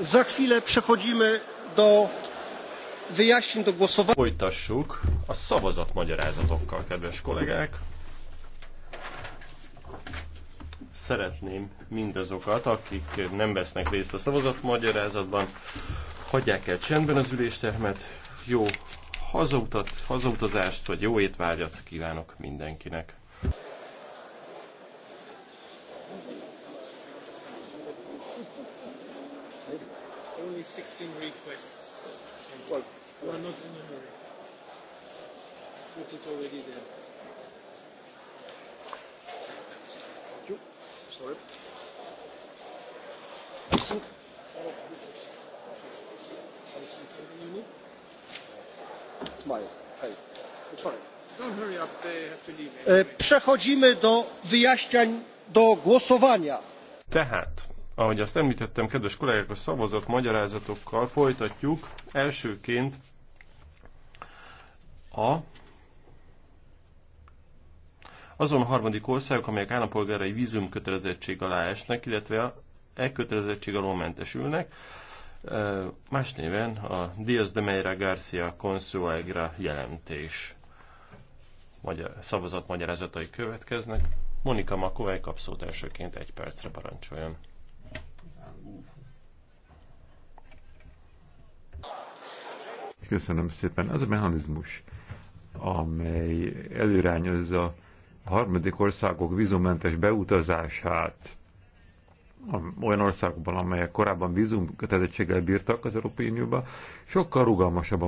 Za chwilę przechodzimy do wyjaśnień do głosowania. Folytassuk a szavazatmagyarázatokkal, kedves kollégák. Szeretném mindazokat, akik nem vesznek részt a szavazatmagyarázatban, hagyják el csendben az üléstermet, jó hazautat, hazautazást vagy jó étvágyat kívánok mindenkinek. Maybe. Only 16 requests. Well, you are not in a hurry. Put it already there. Thank you. Sorry. E, przechodzimy do wyjaśniań do głosowania. Tehát ahogy azt említettem, kedves kollégák, a szavazat magyarázatokkal folytatjuk. Elsőként a azon harmadik országok, amelyek állampolgárai vízum kötelezettség alá esnek, illetve e kötelezettség alól mentesülnek, más néven a Diaz de Meira Garcia Consuegra jelentés magyar, szavazat magyarázatai következnek. Monika Makovej kap elsőként egy percre parancsoljon. Köszönöm szépen. Az a mechanizmus, amely előrányozza a harmadik országok vízumentes beutazását olyan országokban, amelyek korábban vízumkötelezettséggel bírtak az Európai Unióba, sokkal rugalmasabban